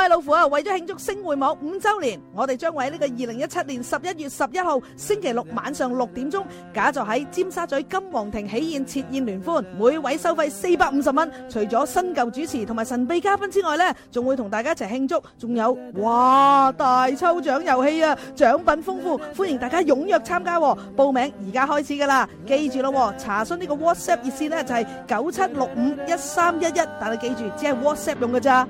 喂，老虎啊！為咗慶祝星匯網五周年，我哋將會喺呢個二零一七年十一月十一號星期六晚上六點鐘，假作假就喺尖沙咀金皇庭喜宴設宴聯歡，每位收費四百五十蚊。除咗新舊主持同埋神秘嘉賓之外咧，仲會同大家一齊慶祝。仲有哇大抽獎遊戲啊，獎品豐富，歡迎大家踴躍參加。報名而家開始噶啦，記住咯，查詢呢個 WhatsApp 熱線咧就係九七六五一三一一，但係記住只係 WhatsApp 用噶咋。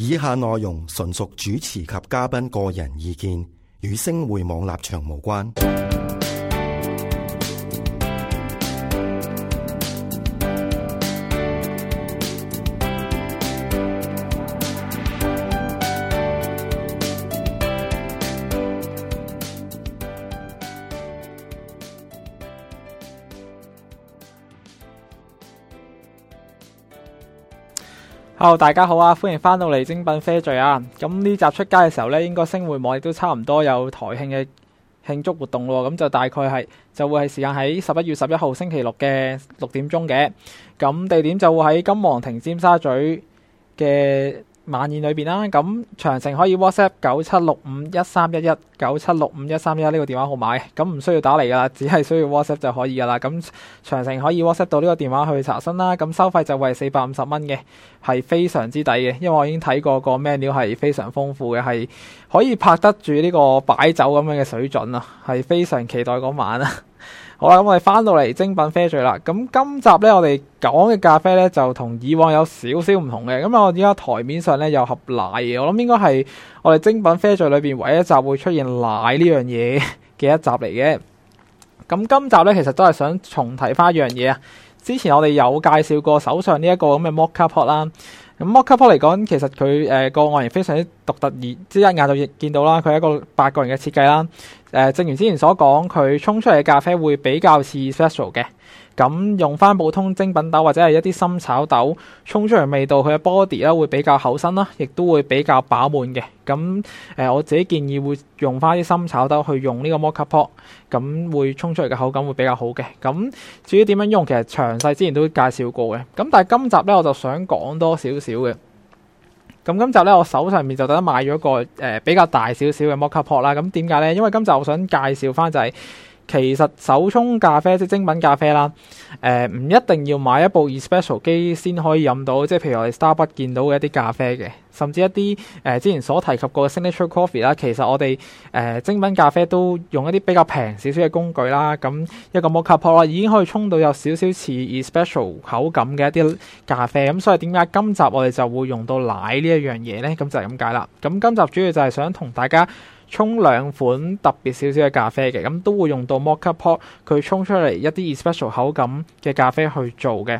以下內容純屬主持及嘉賓個人意見，與星匯網立場無關。Hello 大家好啊！歡迎返到嚟精品啡聚啊！咁呢集出街嘅時候呢，應該星匯網亦都差唔多有台慶嘅慶祝活動咯，咁就大概係就會係時間喺十一月十一號星期六嘅六點鐘嘅，咁地點就會喺金皇亭尖沙咀嘅。晚宴裏邊啦，咁長城可以 WhatsApp 九七六五一三一一九七六五一三一一呢個電話號碼，咁唔需要打嚟㗎喇，只係需要 WhatsApp 就可以㗎喇。咁長城可以 WhatsApp 到呢個電話去查詢啦，咁收費就為四百五十蚊嘅，係非常之抵嘅，因為我已經睇過個 menu 係非常豐富嘅，係可以拍得住呢個擺酒咁樣嘅水準啊，係非常期待嗰晚啊！好啦，咁我哋翻到嚟精品啡聚啦。咁今集咧，我哋講嘅咖啡咧，就同以往有少少唔同嘅。咁我而家台面上咧有盒奶，我諗應該係我哋精品啡聚裏邊唯一集會出現奶呢樣嘢嘅一集嚟嘅。咁今集咧，其實都係想重提翻一樣嘢啊。之前我哋有介紹過手上呢一個咁嘅 Moka Pot 啦。咁摩、嗯、卡波嚟講，其實佢誒、呃、個外形非常之獨特，而即係一眼就亦見到啦。佢係一個八個人嘅設計啦。誒、呃，正如之前所講，佢沖出嚟嘅咖啡會比較似 Espresso 嘅。咁用翻普通精品豆或者係一啲深炒豆沖出嚟味道，佢嘅 body 啦，會比較厚身啦，亦都會比較飽滿嘅。咁誒、呃，我自己建議會用翻啲深炒豆去用呢個摩卡 pot，咁會沖出嚟嘅口感會比較好嘅。咁至於點樣用，其實詳細之前都介紹過嘅。咁但係今集呢，我就想講多少少嘅。咁今集呢，我手上面就得買咗個誒、呃、比較大少少嘅摩卡 pot 啦。咁點解呢？因為今集我想介紹翻就係、是。其實手沖咖啡即精品咖啡啦，誒、呃、唔一定要買一部 espresso 機先可以飲到，即係譬如我哋 Starbucks 見到嘅一啲咖啡嘅，甚至一啲誒、呃、之前所提及過嘅 signature coffee 啦。其實我哋誒、呃、精品咖啡都用一啲比較平少少嘅工具啦，咁、嗯、一個摩卡壺啦已經可以沖到有少少似 espresso 口感嘅一啲咖啡。咁、嗯、所以點解今集我哋就會用到奶呢一樣嘢咧？咁就係咁解啦。咁今集主要就係想同大家沖兩款特別少少嘅咖啡嘅，咁都會用到 Moka Pot，佢沖出嚟一啲 espresso 口感嘅咖啡去做嘅。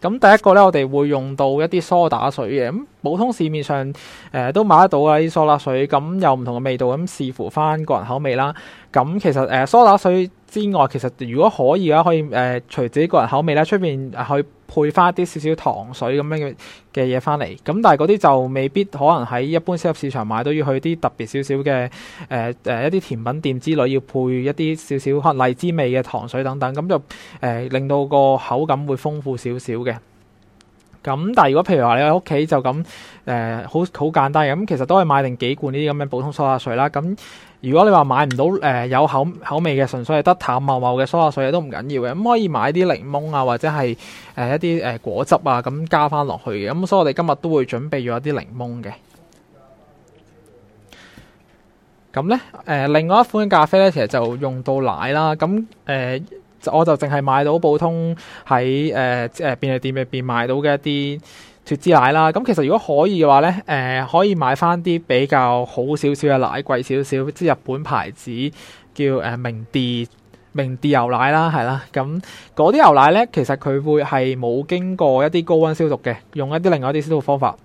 咁第一個呢，我哋會用到一啲梳打水嘅，咁普通市面上誒、呃、都買得到啊啲梳打水，咁有唔同嘅味道，咁視乎返個人口味啦。咁其實誒梳、呃、打水。之外，其實如果可以嘅話，可以誒隨、呃、自己個人口味咧，出邊去配翻一啲少少糖水咁樣嘅嘅嘢翻嚟。咁但係嗰啲就未必可能喺一般超級市場買，都要去啲特別少少嘅誒誒一啲甜品店之類，要配一啲少少可能荔枝味嘅糖水等等，咁就誒、呃、令到個口感會豐富少少嘅。咁但係如果譬如話你喺屋企就咁誒好好簡單咁，其實都可以買定幾罐呢啲咁嘅普通梳打水啦。咁、啊、如果你話買唔到誒、呃、有口口味嘅，純粹係得淡茂茂嘅梳打水都唔緊要嘅，咁可以買啲檸檬啊或者係誒、呃、一啲誒果汁啊咁加翻落去嘅。咁、啊、所以我哋今日都會準備咗一啲檸檬嘅。咁咧誒，另外一款咖啡咧，其實就用到奶啦。咁、啊、誒。呃。我就淨係買到普通喺誒誒便利店入邊買到嘅一啲脫脂奶啦。咁其實如果可以嘅話咧，誒、呃、可以買翻啲比較好少少嘅奶，貴少少，即係日本牌子叫誒、呃、明治明治牛奶啦，係啦。咁嗰啲牛奶咧，其實佢會係冇經過一啲高溫消毒嘅，用一啲另外一啲消毒方法。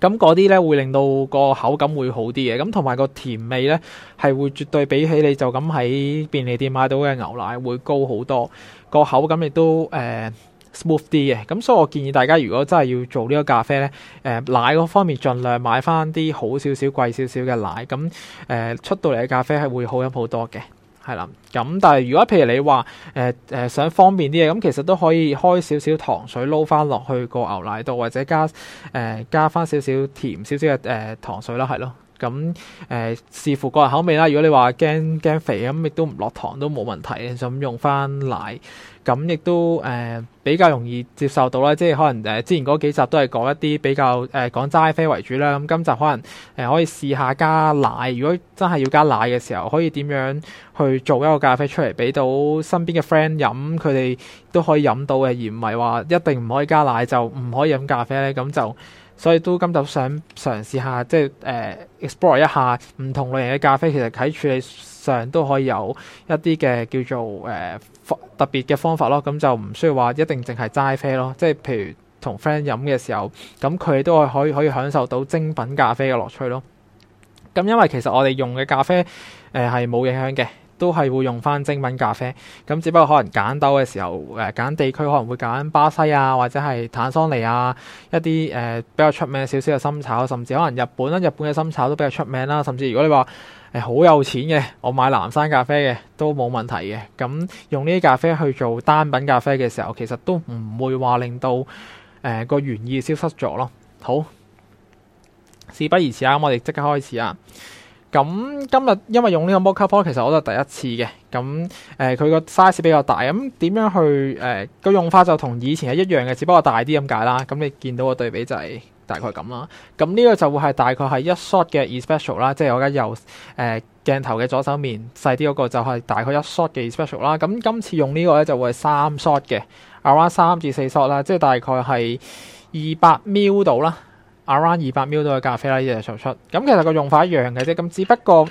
咁嗰啲咧會令到個口感會好啲嘅，咁同埋個甜味咧係會絕對比起你就咁喺便利店買到嘅牛奶會高好多，個口感亦都誒、呃、smooth 啲嘅。咁所以我建議大家如果真係要做呢個咖啡咧，誒、呃、奶嗰方面盡量買翻啲好少少、貴少少嘅奶，咁誒、呃、出到嚟嘅咖啡係會好飲好多嘅。係啦，咁、嗯、但係如果譬如你話誒誒想方便啲嘅，咁其實都可以開少少糖水撈翻落去個牛奶度，或者加誒、呃、加翻少少甜少少嘅誒糖水啦，係咯。咁誒、呃、視乎個人口味啦。如果你話驚驚肥咁，亦都唔落糖都冇問題。就咁用翻奶，咁亦都誒、呃、比較容易接受到啦。即係可能誒之前嗰幾集都係講一啲比較誒、呃、講齋啡為主啦。咁今集可能誒、呃、可以試下加奶。如果真係要加奶嘅時候，可以點樣去做一個咖啡出嚟俾到身邊嘅 friend 飲，佢哋都可以飲到嘅，而唔係話一定唔可以加奶就唔可以飲咖啡咧。咁就。所以都今集想嘗試下，即係誒、呃、explore 一下唔同類型嘅咖啡，其實喺處理上都可以有一啲嘅叫做誒、呃、特別嘅方法咯。咁就唔需要話一定淨係齋啡咯。即係譬如同 friend 飲嘅時候，咁佢都係可以可以享受到精品咖啡嘅樂趣咯。咁因為其實我哋用嘅咖啡誒係冇影響嘅。都係會用翻精品咖啡，咁只不過可能揀豆嘅時候，誒、呃、揀地區可能會揀巴西啊，或者係坦桑尼亞一啲誒、呃、比較出名少少嘅深炒，甚至可能日本啦，日本嘅深炒都比較出名啦。甚至如果你話誒好有錢嘅，我買藍山咖啡嘅都冇問題嘅，咁用呢啲咖啡去做單品咖啡嘅時候，其實都唔會話令到誒、呃、個原意消失咗咯。好，事不宜遲啊，我哋即刻開始啊！咁今日因為用呢個 Moka Pot 其實我都係第一次嘅，咁誒佢個 size 比較大，咁點樣去誒個、呃、用法就同以前係一樣嘅，只不過大啲咁解啦。咁你見到個對比就係大概咁啦。咁呢個就會係大概係一 shot 嘅 especial 啦，即係我而家右誒鏡頭嘅、e 呃、左手面細啲嗰個就係大概一 shot 嘅 especial 啦。咁今次用呢個咧就會係三 shot 嘅 around 三至四 shot 啦，即係大概係二百 ml 度啦。around 二百 ml 都有咖啡拉液流出。咁其實個用法一樣嘅啫，咁只不過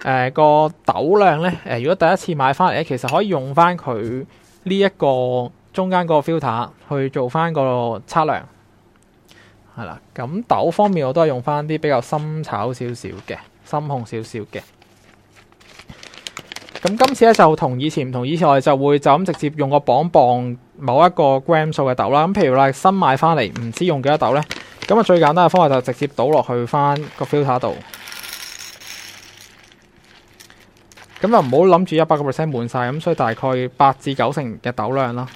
誒個、呃、豆量咧誒，如果第一次買翻嚟咧，其實可以用翻佢呢一個中間個 filter 去做翻個測量係啦。咁豆方面我都係用翻啲比較深炒少少嘅深紅少少嘅。咁今次咧就同以前唔同，以前我哋就會就咁直接用個磅磅某一個 gram 數嘅豆啦。咁譬如話新買翻嚟唔知用幾多豆咧？咁啊，最簡單嘅方法就直接倒落去返個 filter 度。咁又唔好諗住一百個 percent 滿晒，咁所以大概八至九成嘅豆量啦，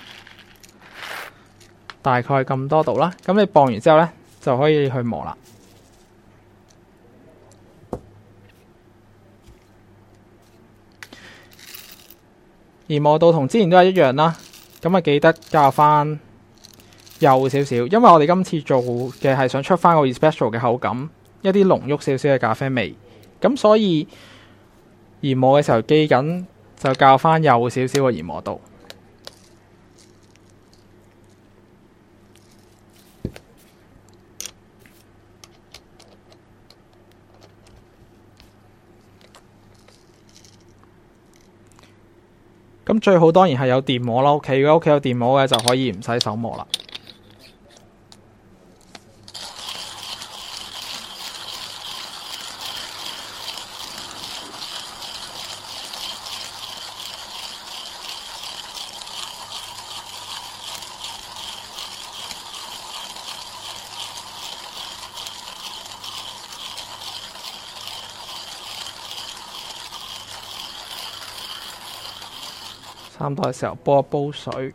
大概咁多度啦。咁你磅完之後咧，就可以去磨啦。而磨到同之前都係一樣啦。咁啊，記得加返。幼少少，因為我哋今次做嘅係想出翻個 special 嘅口感，一啲濃郁少少嘅咖啡味，咁所以研磨嘅時候記緊就較翻幼少少嘅研磨度。咁最好當然係有電磨啦，屋企如果屋企有電磨嘅就可以唔使手磨啦。差唔多嘅時候煲一煲水，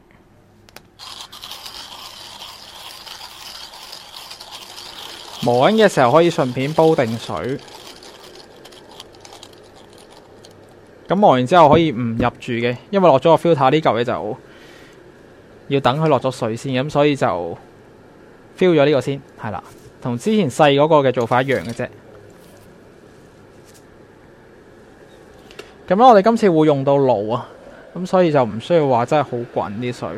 磨緊嘅時候可以順便煲定水。咁磨完之後可以唔入住嘅，因為落咗個 filter 呢嚿嘢就要等佢落咗水先，咁所以就 fill 咗呢個先係啦，同之前細嗰個嘅做法一樣嘅啫。咁啦，我哋今次會用到爐啊。咁所以就唔需要話真係好滾啲水。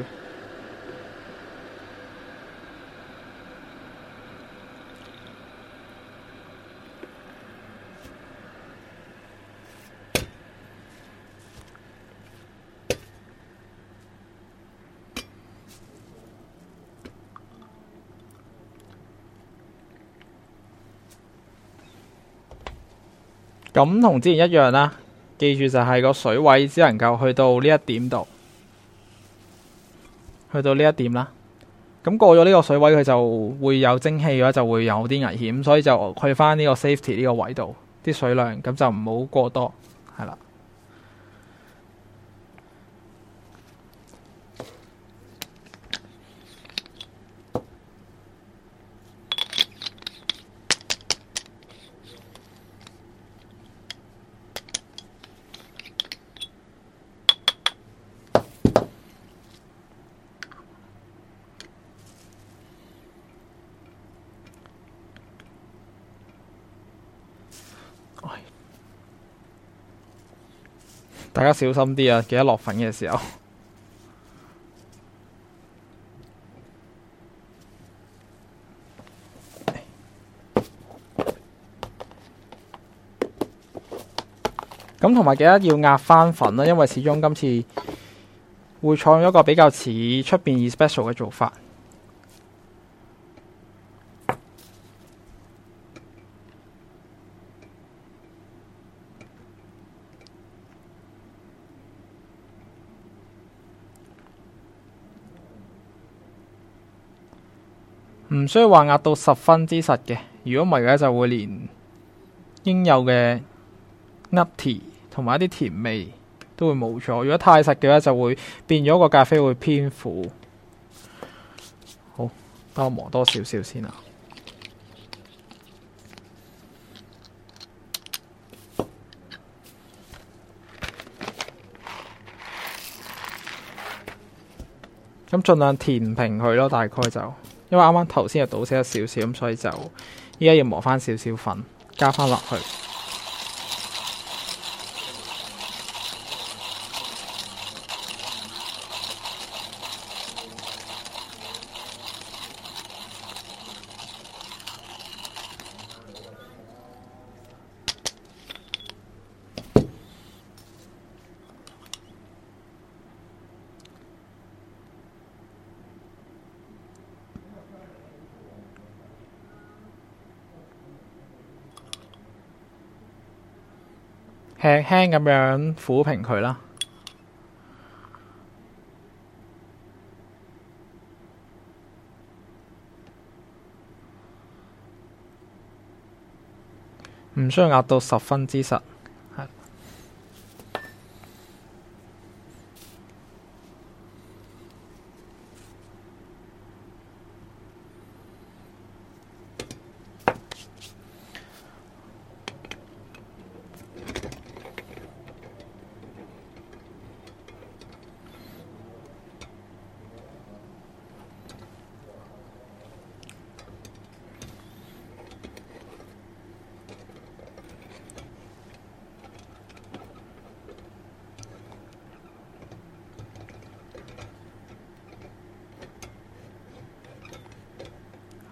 咁同之前一樣啦。記住就係個水位只能夠去到呢一點度，去到呢一點啦。咁過咗呢個水位，佢就會有蒸汽嘅話，就會有啲危險，所以就去翻呢個 safety 呢個位度啲水量，咁就唔好過多，係啦。大家小心啲啊！記得落粉嘅時候，咁同埋記得要壓返粉啦，因為始終今次會採用一個比較似出邊 special 嘅做法。唔需要話壓到十分之實嘅，如果唔係嘅就會連應有嘅凹甜同埋一啲甜味都會冇咗。如果太實嘅話，就會變咗個咖啡會偏苦。好，等我磨多少少先啦。咁盡量填平佢咯，大概就。因為啱啱頭先又倒死咗少少，咁所以就依家要磨返少少粉，加返落去。輕輕咁樣撫平佢啦，唔需要壓到十分之實。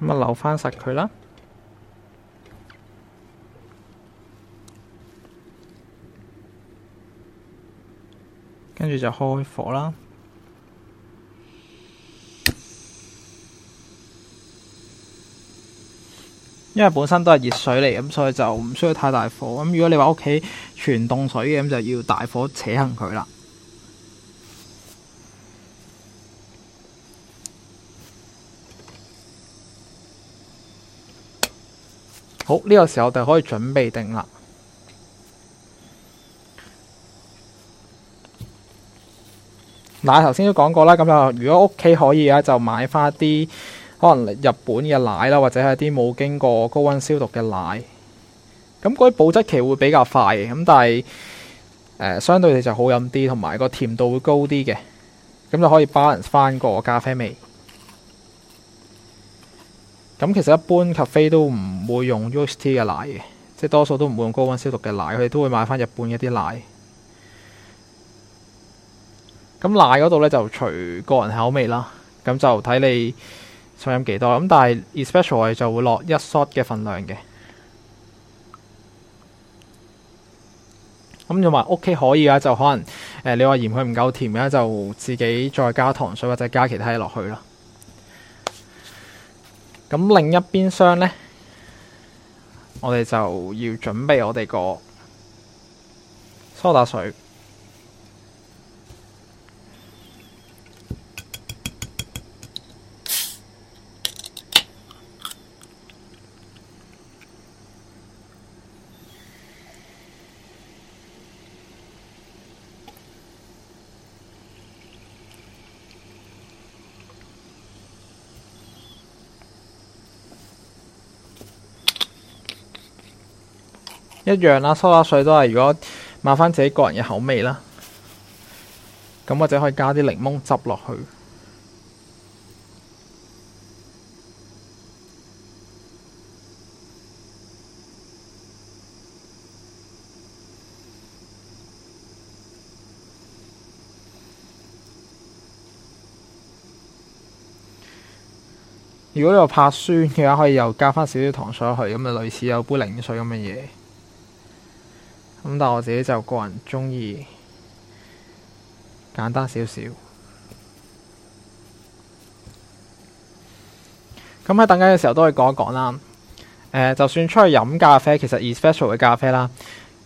咁啊，留翻實佢啦，跟住就開火啦。因為本身都係熱水嚟，咁所以就唔需要太大火。咁如果你話屋企全凍水嘅，咁就要大火扯行佢啦。好，呢、這個時候就可以準備定啦。奶頭先都講過啦，咁就如果屋企可以咧，就買翻啲可能日本嘅奶啦，或者係啲冇經過高溫消毒嘅奶。咁嗰啲保質期會比較快，咁但係誒、呃、相對地就好飲啲，同埋個甜度會高啲嘅，咁就可以 balance 翻個咖啡味。咁其實一般咖啡都唔會用 UHT 嘅奶嘅，即係多數都唔會用高溫消毒嘅奶，佢哋都會買翻日本一啲奶。咁奶嗰度咧就隨個人口味啦，咁就睇你想飲幾多。咁但係 especially 就會落一 shot 嘅份量嘅。咁你話 OK 可以啊，就可能誒、呃、你話嫌佢唔夠甜嘅就自己再加糖水或者加其他嘢落去啦。咁另一邊廂呢，我哋就要準備我哋個蘇打水。一樣啦，蘇打水都係，如果買翻自己個人嘅口味啦，咁或者可以加啲檸檬汁落去。如果你又怕酸嘅話，可以又加翻少少糖水落去，咁就類似有杯檸水咁嘅嘢。咁但係我自己就個人中意簡單少少。咁喺等緊嘅時候都可以講一講啦。誒、呃，就算出去飲咖啡，其實 espresso 嘅咖啡啦，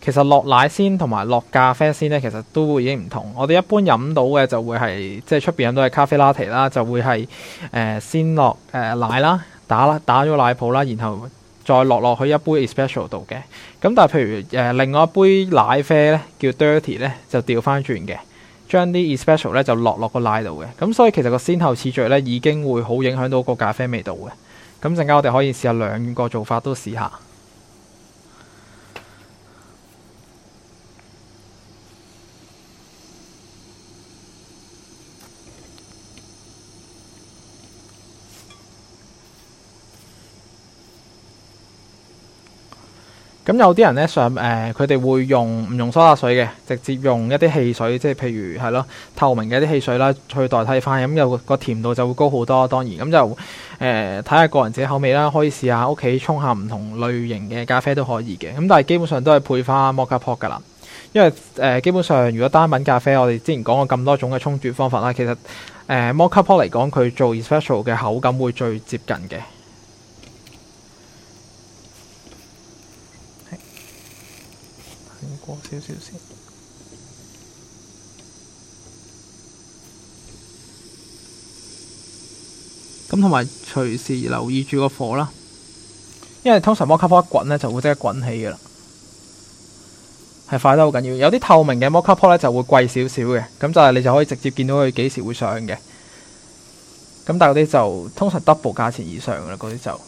其實落奶先同埋落咖啡先呢，其實都會已經唔同。我哋一般飲到嘅就會係即係出邊飲到係咖啡拉提啦，就會係誒、呃、先落誒、呃、奶啦，打啦打咗奶泡啦，然後，再落落去一杯 espresso 度嘅咁，但係譬如誒、呃、另外一杯奶啡咧叫 dirty 咧就掉翻轉嘅，將啲 espresso 咧就落落個奶度嘅咁，所以其實個先後次序咧已經會好影響到個咖啡味道嘅咁。陣間我哋可以試下兩個做法都試下。咁有啲人咧上誒，佢哋、呃、會用唔用蘇打水嘅，直接用一啲汽水，即係譬如係咯透明嘅一啲汽水啦，去代替翻，咁、嗯、有、個甜度就會高好多。當然咁就誒睇下個人自己口味啦，可以試下屋企沖下唔同類型嘅咖啡都可以嘅。咁但係基本上都係配翻摩卡 Pot 嚟講，因為誒、呃、基本上如果單品咖啡，我哋之前講過咁多種嘅沖煮方法啦，其實誒摩卡 Pot 嚟講，佢、呃 ok ok、做 special 嘅口感會最接近嘅。少少少。咁同埋隨時留意住個火啦，因為通常摩卡波一滾呢就會即刻滾起嘅啦，係快得好緊要。有啲透明嘅摩卡波咧就會貴少少嘅，咁就係你就可以直接見到佢幾時會上嘅。咁但係嗰啲就通常 double 價錢以上嘅啦，嗰啲就。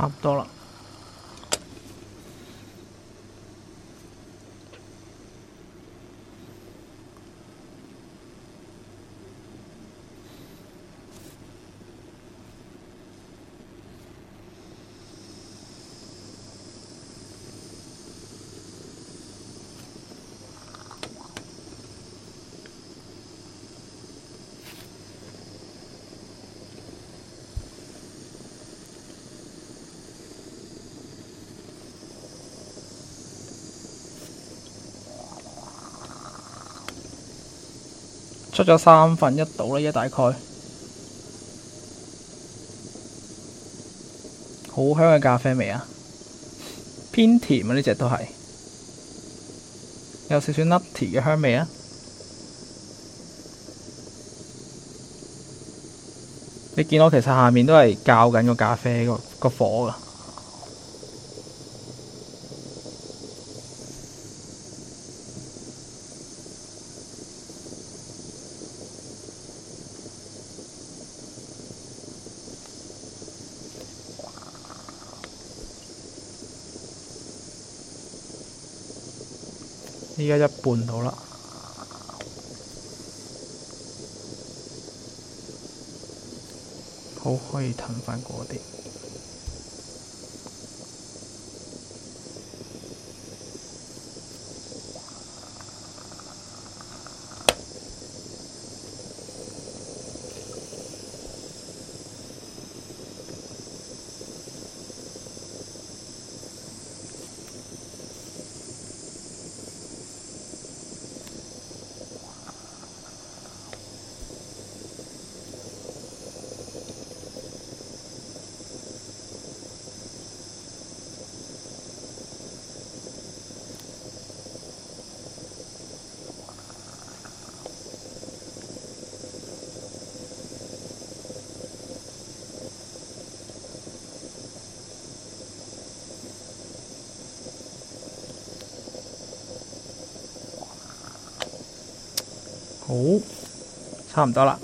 差不多了。出咗三分一度啦，依家大概。好香嘅咖啡味啊，偏甜啊，呢隻都係，有少少 nutty 嘅香味啊。你見到其實下面都係教緊個咖啡個個火噶。而家一半到啦，好，可以騰翻過啲。好，差唔多啦。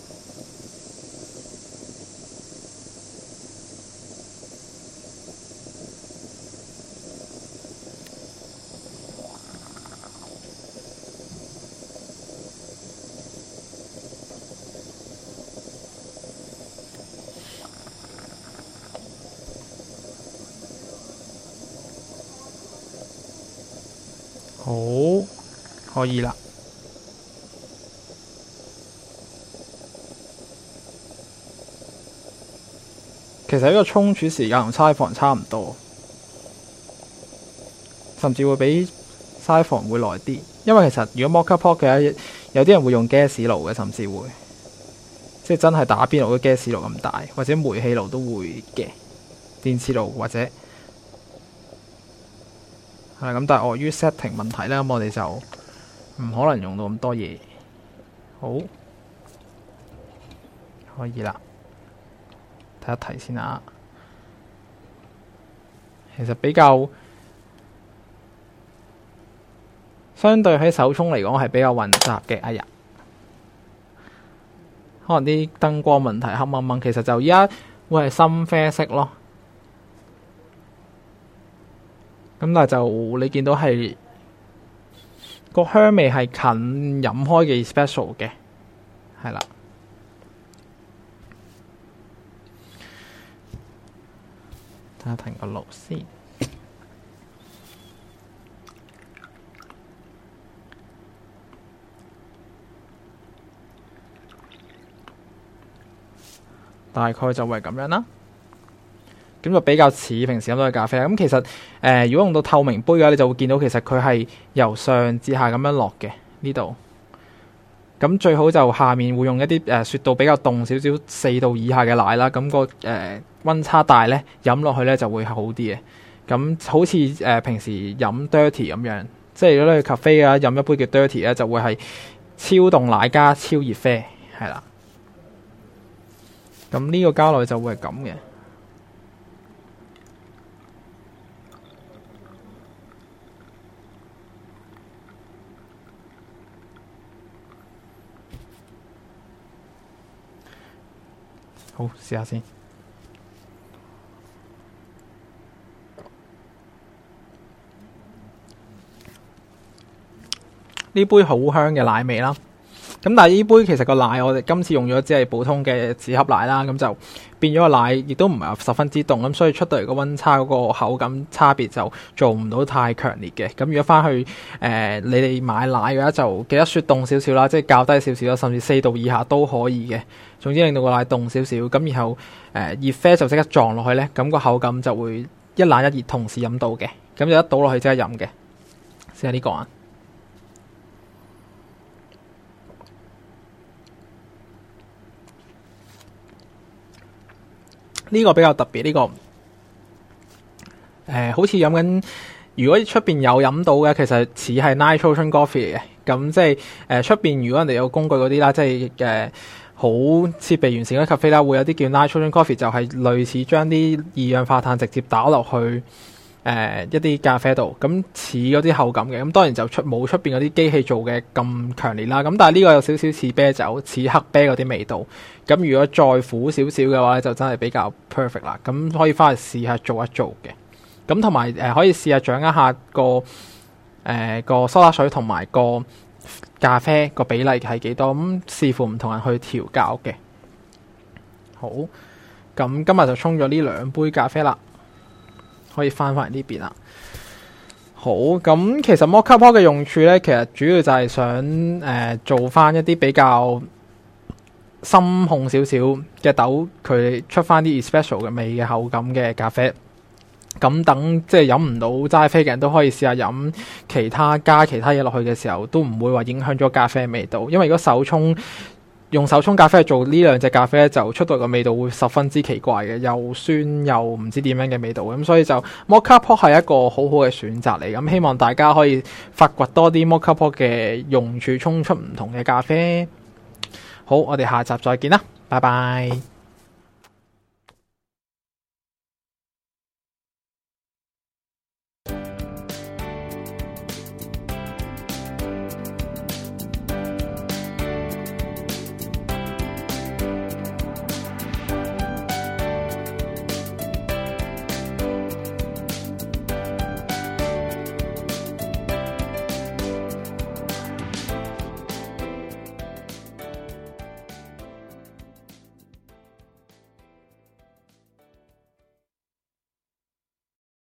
好，可以啦。其實呢個充儲沖煮時間同晒房差唔多，甚至會比晒房會耐啲。因為其實如果摩卡 pot 嘅，有啲人會用 gas 爐嘅，甚至會即係真係打邊爐嘅 gas 爐咁大，或者煤氣爐都會嘅，電磁爐或者係咁。但係礙於 setting 問題咧，咁我哋就唔可能用到咁多嘢。好，可以啦。睇一題先啦，啊。其實比較相對喺手沖嚟講係比較混雜嘅。哎呀，可能啲燈光問題黑掹掹，其實就而家會係深啡色咯。咁但係就你見到係個香味係近飲開嘅 special 嘅，係啦。停個爐先，大概就係咁樣啦。咁就比較似平時飲到嘅咖啡。咁其實誒、呃，如果用到透明杯嘅話，你就會見到其實佢係由上至下咁樣落嘅呢度。咁最好就下面會用一啲誒、呃、雪度比較凍少少四度以下嘅奶啦，咁、那個誒溫、呃、差大咧，飲落去咧就會好啲嘅。咁好似誒、呃、平時飲 dirty 咁樣，即係如果你去 cafe 啊飲一杯嘅 dirty 咧，就會係超凍奶加超熱啡，係啦。咁呢個加落就會係咁嘅。好，試下先。呢杯好香嘅奶味啦，咁但係呢杯其實個奶我哋今次用咗只係普通嘅紙盒奶啦，咁就。變咗個奶，亦都唔係十分之凍，咁所以出到嚟個溫差嗰個口感差別就做唔到太強烈嘅。咁如果翻去誒、呃、你哋買奶嘅話，就記得雪凍少少啦，即係較低少少，甚至四度以下都可以嘅。總之令到個奶凍少少，咁然後誒、呃、熱啡就即刻撞落去咧，咁個口感就會一冷一熱同時飲到嘅。咁就一倒落去即刻飲嘅，試下呢個啊。呢個比較特別，呢、這個誒、呃、好似飲緊。如果出邊有飲到嘅，其實似係 nitrogen coffee 嚟嘅。咁、嗯、即係誒出邊，呃、面如果人哋有工具嗰啲啦，即係誒、呃、好設備完善嘅咖啡啦，會有啲叫 nitrogen coffee，就係類似將啲二氧化碳直接打落去。誒、呃、一啲咖啡度，咁似嗰啲口感嘅，咁、嗯、當然就出冇出面嗰啲機器做嘅咁強烈啦。咁、嗯、但係呢個有少少似啤酒、似黑啤嗰啲味道。咁、嗯、如果再苦少少嘅話，就真係比較 perfect 啦。咁、嗯、可以翻去試下做一做嘅。咁同埋誒可以試下掌握下個誒、呃、個蘇打水同埋個咖啡個比例係幾多。咁、嗯、視乎唔同人去調教嘅。好，咁、嗯、今日就沖咗呢兩杯咖啡啦。可以翻返嚟呢邊啦。好，咁其實 Moka Pot 嘅用處呢，其實主要就係想誒、呃、做翻一啲比較深烘少少嘅豆，佢出翻啲 espresso 嘅味嘅口感嘅咖啡。咁等即係飲唔到齋啡嘅人都可以試下飲其他加其他嘢落去嘅時候，都唔會話影響咗咖啡嘅味道。因為如果手沖。用手沖咖啡去做呢兩隻咖啡咧，就出到嚟個味道會十分之奇怪嘅，又酸又唔知點樣嘅味道咁、嗯，所以就摩卡 pot 係一個好好嘅選擇嚟。咁、嗯、希望大家可以發掘多啲摩卡 pot 嘅用處，沖出唔同嘅咖啡。好，我哋下集再見啦，拜拜。